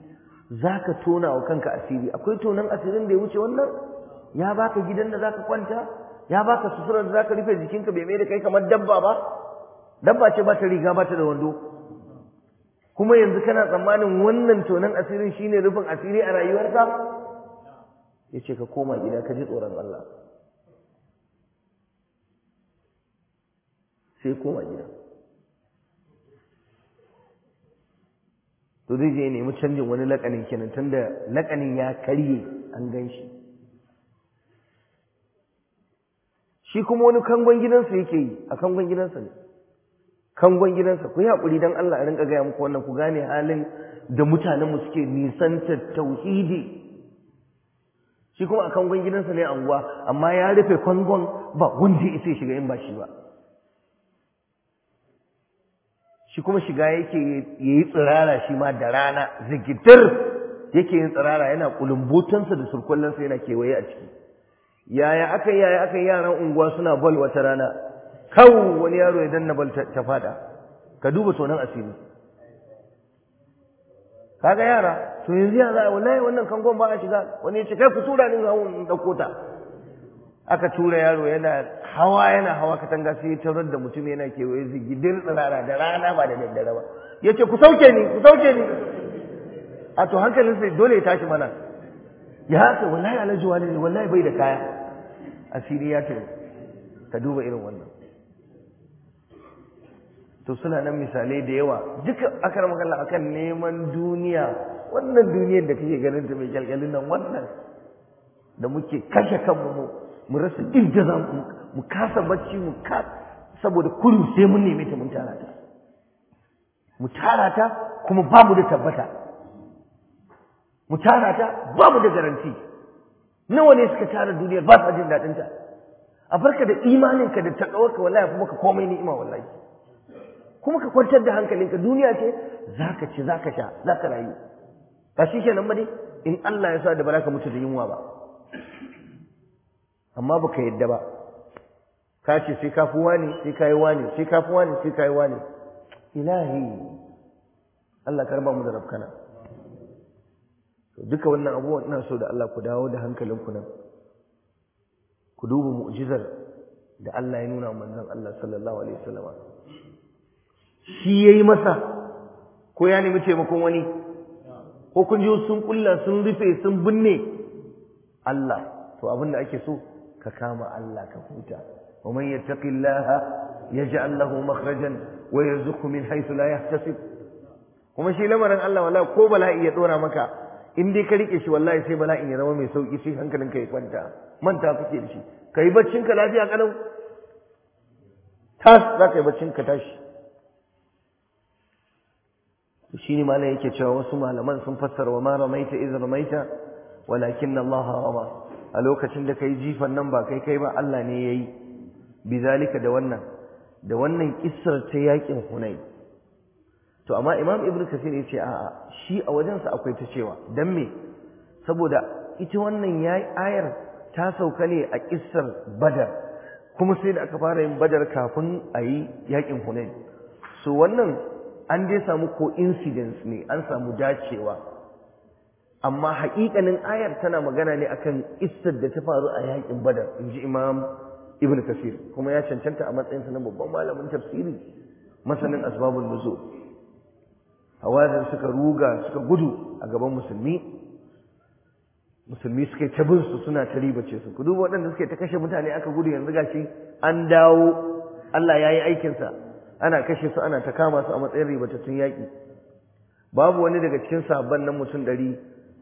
za ka tona wa kanka asiri akwai tonan asirin da ya wuce wannan ya baka gidan da za ka kwanta ya baka suturar da za ka rufe jikinka bai mai da kai kamar dabba ba dabba ce ba ta riga ba ta da wando kuma yanzu kana tsammanin wannan tonan asirin shine rufin asiri a rayuwarka yace ka koma gida ka ji tsoron Allah sai koma gida to zai je nemi canjin wani lakanin kenan tunda lakanin ya karye an gan shi shi kuma wani kangon gidansa yake yi a kangon gidansa ne kangon gidansa ku yi haƙuri don Allah a rinka gaya muku wannan ku gane halin da mu suke nisantar tauhidi shi kuma a kangon gidansa ne anguwa amma ya rufe kangon ba wanda isa shiga in ba shi ba shi kuma shiga yake ya yi tsirara shi ma da rana zigitir yake yin tsirara yana kulumbutansa da surkullansa yana kewaye a ciki yaya aka yaya yaran unguwa suna bol wata rana Kawu wani yaro ya danna bal ta fada ka duba tonan asiri kaga yara to yanzu ya za wallahi wannan kangon ba a shiga wani ya ce kai ku tura ni zawon dauko ta aka tura yaro yana hawa yana hawa katanga sai ya tarar da mutum yana kewaye zigidin tsirara da rana ba da daddare ba ya ce ku sauke ni ku sauke ni a to hankalin sai dole ya tashi mana ya haka wallahi alhaji wani ne wallahi bai da kaya asiri ya ta ka duba irin wannan to suna nan misalai da yawa duka akar magana akan neman duniya wannan duniyar da kake ganin ta mai kyalkyalin nan wannan da muke kashe kanmu mu mu rasa inda za mu mu kasa bacci mu ka saboda kullum sai mun neme ta mun tara ta mu tara ta kuma babu da tabbata mu tara ta babu da garanti nawa ne suka tara duniyar ba su jin daɗin ta a farka da imaninka da taƙawarka wallahi kuma ka komai ni'ima wallahi kuma ka kwantar da hankalinka duniya ce za ka ci za ka sha za ka rayu ba shi nan ba ne in Allah ya sa da ba za ka mutu da yunwa ba amma ba ka yadda ba ka ce sai ka fi wani sai ka yi wani sai ka fi wani sai ka yi wani ilahi Allah karba mu da rafkana duka wannan abubuwan ina so da Allah ku dawo da hankalinku nan ku duba mu'jizar da Allah ya nuna manzon Allah sallallahu alaihi wasallam shi ya yi masa ko ya nemi taimakon wani ko kun ji sun kulla sun rufe sun binne Allah to abin da ake so ka kama Allah ka huta wa man yattaqillaha yaj'al lahu makhrajan wa yarzuqhu min haythu la yahtasib kuma shi lamarin Allah wallahi ko bala'i ya dora maka in dai ka rike shi wallahi sai bala'in ya zama mai sauki sai hankalinka ya kwanta manta kake da shi kai baccin ka lafiya kalau tas za ka baccin ka tashi shi ne malam yake cewa wasu malaman sun fassara wa ta ramaita iz ramaita walakin Allah a lokacin da kai jifan nan ba kai kai ba Allah ne ya yayi bizalika da wannan da wannan kisar ta yakin hunai. to amma Imam Ibn kasir ya ce a'a shi a wajensa akwai ta cewa dan me saboda ita wannan yayi ayar ta sauka ne a kisar Badar kuma sai da aka fara yin Badar kafin a yi yakin Hunain so wannan an dai samu ko coincidence ne an samu dacewa amma haƙiƙanin ayar tana magana ne akan istar da ta faru a yakin badar in ji imam ibn kasir kuma ya cancanta a matsayinsa na babban malamin tafsiri masanin asbabun nuzul hawazin suka ruga suka gudu a gaban musulmi musulmi suka ta su suna ta ribace su ku duba waɗanda suke ta kashe mutane aka gudu yanzu gashi an dawo Allah ya yi aikinsa ana kashe su ana ta kama su a matsayin ribatattun yaƙi babu wani daga cikin sabon nan mutum ɗari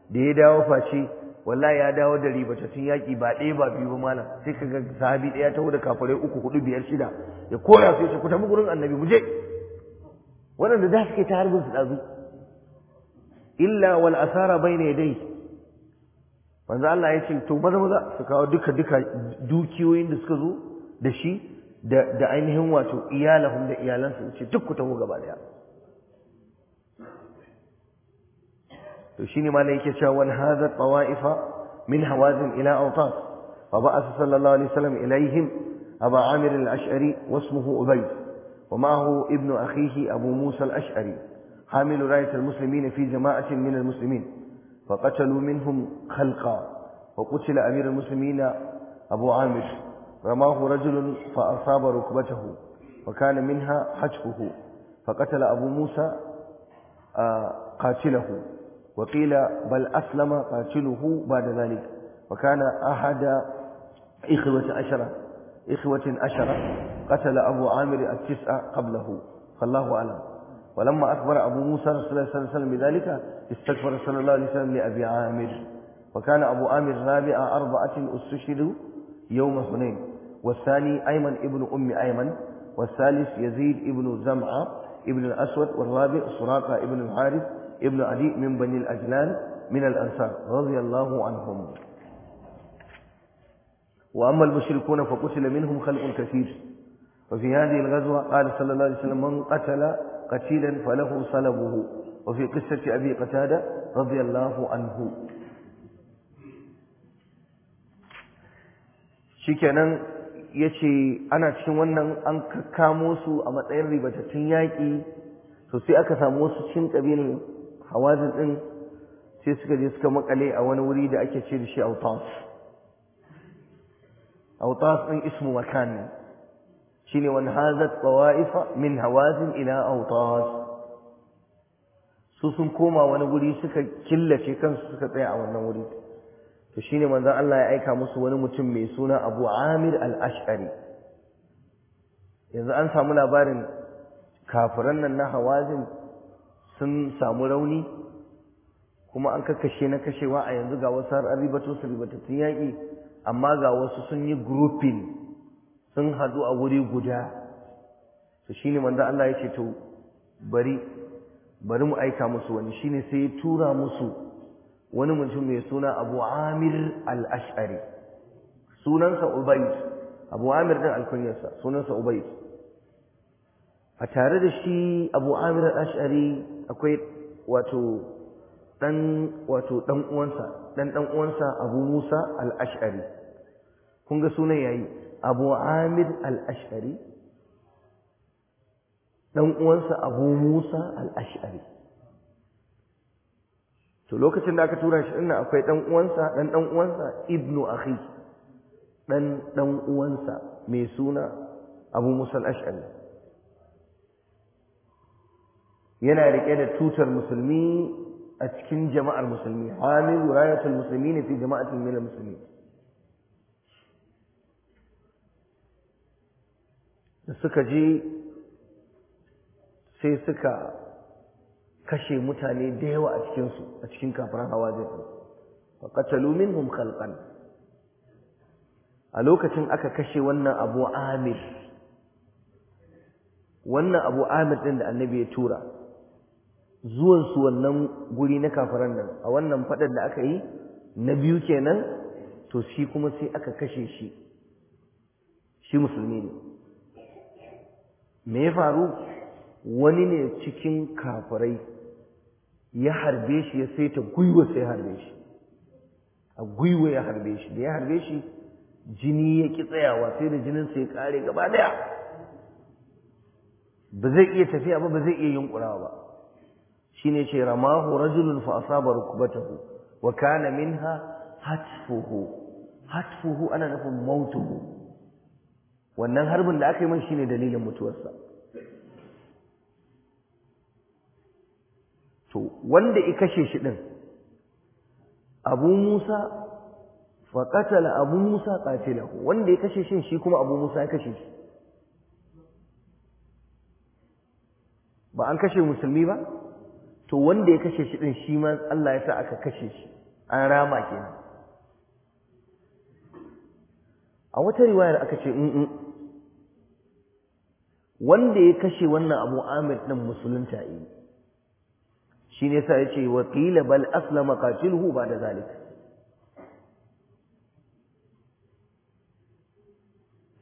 da ya dawo face walla ya dawo da ribatattun yaƙi ba ɗaya ba biyu ba malam sai ka ga sahabi ɗaya taho da kafirai uku hudu biyar shida ya koya su ce ku tafi gurin annabi mu je waɗanda za su kai ta harbin su ɗazu illa wal asara bai ne dai manzo Allah ya ce to maza maza su kawo duka duka dukiyoyin da suka zo da shi da ainihin wato iyalahum da iyalansu ce duk ku taho gaba daya to shine ma yake cewa wan hadha tawaifa min hawazin ila awtas fa ba'atha sallallahu alaihi wasallam ilaihim aba amir al-ash'ari wasmuhu ubay wa ma'ahu ibnu akhihi abu musa al-ash'ari حامل راية المسلمين في جماعة من المسلمين فقتلوا منهم خلقا وقتل أمير المسلمين أبو عامر رماه رجل فأصاب ركبته وكان منها حجفه فقتل أبو موسى آه، قاتله وقيل بل أسلم قاتله بعد ذلك وكان أحد إخوة أشرة إخوة أشرة قتل أبو عامر التسعة قبله فالله أعلم ولما أخبر أبو موسى صلى الله عليه وسلم بذلك استكبر صلى الله عليه وسلم لأبي عامر وكان أبو عامر رابع أربعة استشهدوا يوم حنين والثاني أيمن ابن أم أيمن والثالث يزيد ابن زمعة ابن الأسود والرابع سراقة ابن الحارث ابن عدي من بني الأجلال من الأنصار رضي الله عنهم وأما المشركون فقتل منهم خلق كثير وفي هذه الغزوة قال صلى الله عليه وسلم من قتل قتيلا فله صلبه وفي قصة أبي قتادة رضي الله عنه شكرا ya ce ana cikin wannan an kakkamo su a matsayin ribatattun yaƙi to sai aka samu wasu cin ƙabilin hawazin ɗin sai suka je suka makale a wani wuri da ake ce da shi autas autas ɗin ismu makan ne shi ne wani hazat tsawa'ifa min hawazin ila autas su sun koma wani wuri suka killace kansu suka tsaya a wannan wuri to shine manzon Allah ya aika musu wani mutum mai suna Abu Amir al-Ash'ari yanzu an samu labarin kafiran nan na Hawazin sun samu rauni kuma an kakkashe na kashewa a yanzu ga wasu har su ribatattun yaƙi amma ga wasu sun yi grouping sun hadu a wuri guda to shine manzo Allah ya ce to bari bari mu aika musu wani shine sai ya tura musu wani mutum mai suna abu amir al'ashari sunansa ubaid abu amir ɗin alkunyarsa sunansa ubaid a tare da shi abu amir al'ashari akwai wato ɗan wato ɗan uwansa ɗan ɗan abu musa al'ashari kun ga sunan yayi abu amir al'ashari ɗan uwansa abu musa al'ashari to lokacin da aka tura shi ina akwai dan uwansa dan dan uwansa ibnu akhi dan dan uwansa mai suna abu musa ashari yana rike da tutar musulmi a cikin jama'ar musulmi hamil wurayatul muslimin fi jama'atin min al da suka je sai suka kashe mutane da yawa a cikinsu a cikin kafiran hawa zai fa qatalu minhum khalqan a lokacin aka kashe wannan abu amir wannan abu amir din da annabi ya tura zuwansu wannan guri na kafiran nan a wannan fadar da aka yi na biyu kenan to shi kuma sai aka kashe shi shi musulmi ne me ya faru wani ne cikin kafirai ya harbe shi ya saita gwiwa sai harbe shi a gwiwa ya harbe shi da ya harbe shi jini ya ki tsayawa sai da jinin sai ya kare gaba daya ba zai iya tafiya ba ba zai iya yunkurawa ba shine ce ramahu rajulun fa asaba rukbatahu wa kana minha hatfuhu hatfuhu ana nufin mautuhu wannan harbin da aka yi man shine dalilin mutuwarsa wanda i kashe shi din abu musa fa qatala abu musa qatilahu wanda ya kashe shi shi kuma abu musa ya kashe shi ba an kashe musulmi ba to wanda ya kashe shi din shi ma Allah ya sa aka kashe shi an rama kenan a wata riwayar aka ce in wanda ya kashe wannan abu amir ɗin musulunta yi shi ne sa ya ce wa qila bal aslama qatilhu ba da zalik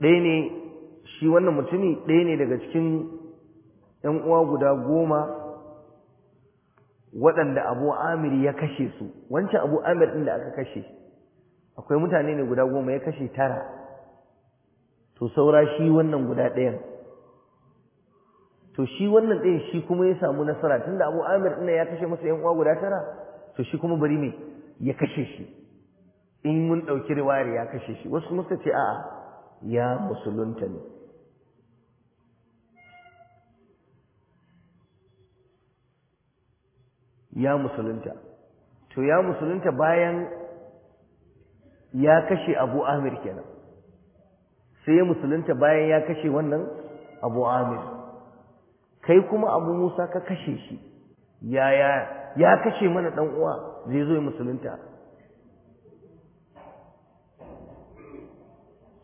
ɗaya ne shi wannan mutumi ɗaya ne daga cikin ‘yan uwa guda goma waɗanda abu amir ya kashe su wancan abu amir ɗin da aka kashe akwai mutane ne guda goma ya kashe tara to saura shi wannan guda ɗayan to shi wannan ɗin shi kuma ya samu nasara tunda Abu Amir ɗin ya kashe masa ƴan uwa guda tara to shi kuma bari me ya kashe shi in mun ɗauki riwayar ya kashe shi wasu kuma suka ce a'a ya musulunta ne ya musulunta to ya musulunta bayan ya kashe Abu Amir kenan sai ya musulunta bayan ya kashe wannan Abu Amir kai kuma abu musa ka kashe shi yaya ya kashe mana dan uwa zai zo musulunta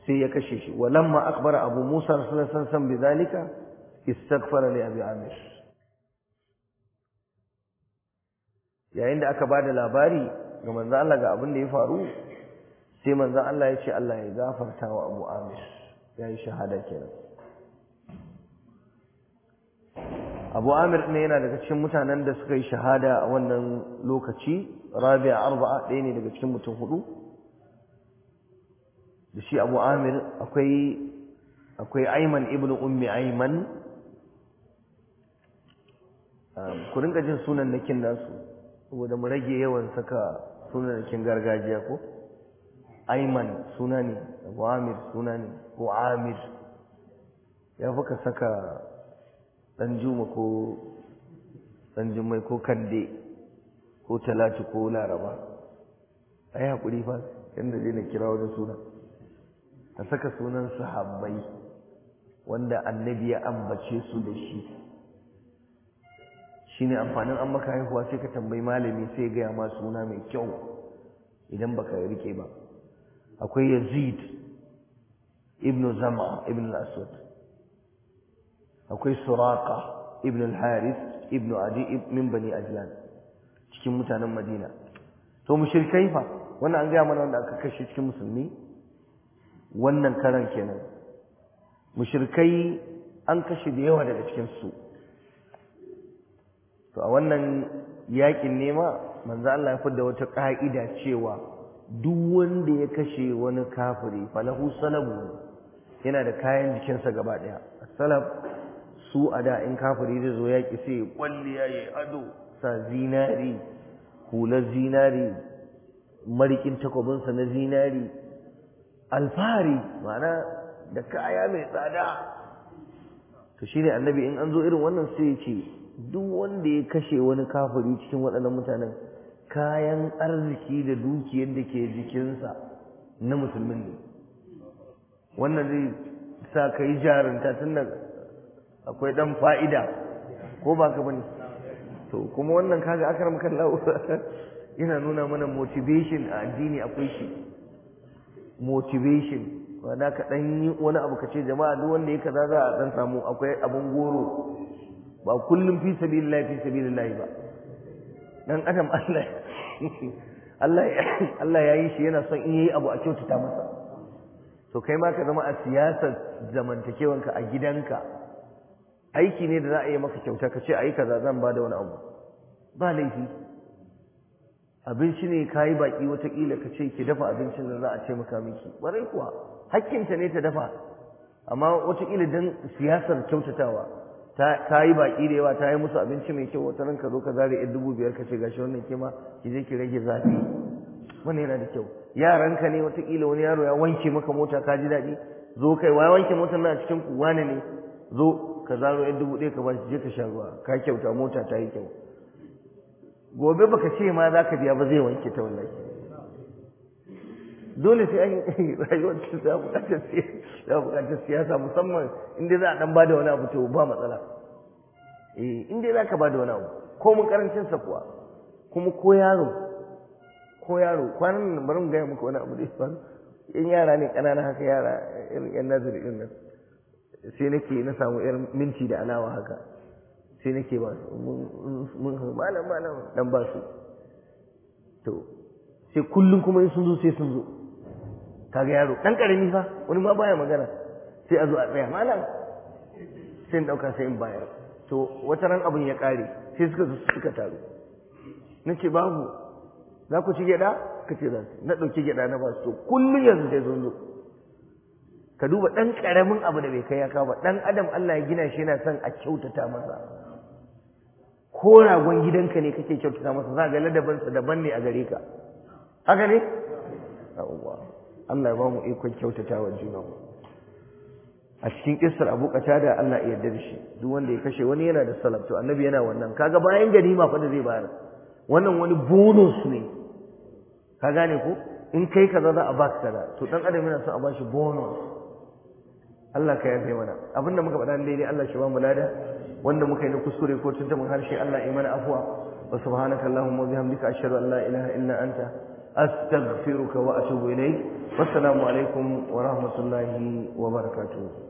sai ya kashe shi walamma akbara abu musa sallallahu alaihi bidalika istaghfara li abi amir yayin da aka bada labari ga manzo Allah ga abin da ya faru sai manzo Allah ya ce Allah ya gafarta wa abu amir yayi shahada kenan abu amir ne yana daga cikin mutanen da suka yi shahada a wannan lokaci rabia arba'a ɗaya ne daga cikin mutum hudu da shi abu amir akwai akwai aiman ibn ummi aiman um, ku rinka jin sunan nakin nasu saboda mu rage yawan saka sunan nakin gargajiya ko aiman suna ne abu amir suna ne ko amir ya fi ka saka ɗan juma ko ɗan jummai ko kande ko talatu ko laraba ai haƙuri fa yadda zai na kira wani suna a saka sunan sahabbai wanda annabi ya ambace su da shi shine amfanin an maka haihuwa sai ka tambayi malami sai ya gaya ma suna mai kyau idan baka rike ba akwai yazid ibn zama ibn aswad akwai suraka ibn al-haris ibn adi min bani ajlan cikin mutanen madina to mushrikai fa wannan an gaya mana wanda aka kashe cikin musulmi wannan karan kenan mushrikai an kashe da yawa daga cikin su to a wannan yakin ne nema manzo Allah ya fada wata ka'ida cewa duk wanda ya kashe wani kafiri falahu salabu yana da kayan jikinsa gaba daya salab su a da in kafiri zai zo yaƙi sai ya kwalliya ya ado sa zinari hular zinari marikin takobinsa na zinari alfahari ma'ana da kaya mai tsada to shine annabi in an zo irin wannan sai ya ce duk wanda ya kashe wani kafiri cikin waɗannan mutanen kayan arziki da dukiyar da ke jikinsa na musulmin ne wannan zai sa ka yi jarinta tun daga akwai dan fa'ida ko ba ka bane to kuma wannan kaga akram kallahu yana nuna mana motivation a addini akwai shi motivation wanda ka dan yi wani abu kace jama'a duk wanda yake za za a dan samu akwai abun goro ba kullum fi sabilillahi fi sabilillahi ba dan adam Allah Allah Allah yayi shi yana son in yayi abu a kyautata masa to kai ma ka zama a siyasar zamantakewanka a gidanka aiki ne da za a yi maka kyauta ka ce ayi kaza zan ba da wani abu ba laifi abinci ne ka yi wata watakila ka ce ki dafa abincin da za a ce maka miki kuwa hakkinta ne ta dafa amma watakila don siyasar kyautatawa ta yi baki da yawa ta yi musu abinci mai kyau wata ranka zo ka zare yan dubu biyar ka ce gashi wannan kima ki je ki rage zafi wannan yana da kyau yaranka ne watakila wani yaro ya wanke maka mota ka ji daɗi zo kai wa wanke motar na a cikin ku ne zo ka zaro yan dubu ɗaya ka ba shi je ka sha ruwa ka kyauta mota ta yi kyau gobe baka ce ma za ka biya ba zai wanke ta wallahi dole sai an rayuwar ta za buƙatar siyasa musamman inda za a ɗan ba da wani abu to ba matsala eh inda za ka ba da wani abu ko mun karancin sa kuwa kuma ko yaro ko yaro kwanan nan bari mu gaya muku wani abu da ya faru in yara ne ƙanana haka yara irin yan nazari irin nan sai nake na samu yar minti da alawa haka sai nake ba mun malam malam dan ba su to sai kullum kuma sun zo sai sun zo kaga yaro dan karami fa wani ma baya magana sai a zo a tsaya malam sai dauka sai in bayar to wata ran abin ya kare sai suka zo suka taru nace babu za ku ci gyada kace za na dauki gyada na ba su to kullum yanzu sai sun zo ka duba ɗan ƙaramin abu da bai kai ya kawo ba ɗan adam Allah ya gina shi yana son a kyautata masa ko ragon gidanka ne kake kyautata masa za ga ladabansa daban ne a gare ka haka ne Allah ya ba mu ikon kyautata wa juna mu a cikin kissar Abu da Allah ya yarda da shi duk wanda ya kashe wani yana da salaf to annabi yana wannan kaga bayan ganima fa da zai bayar wannan wani bonus ne ka gane ko in kai kaza za a baka kaza to dan adam yana son a bashi bonus Allah ka yafe mana abinda muka faɗa daidai Allah shi ba mu lada wanda muka yi na kuskure ko tuntuɓin harshe Allah ya mana afuwa wa subhanaka allahumma wa bihamdika ashhadu an la ilaha illa anta astaghfiruka wa atubu ilayk wassalamu alaikum wa rahmatullahi wa barakatuh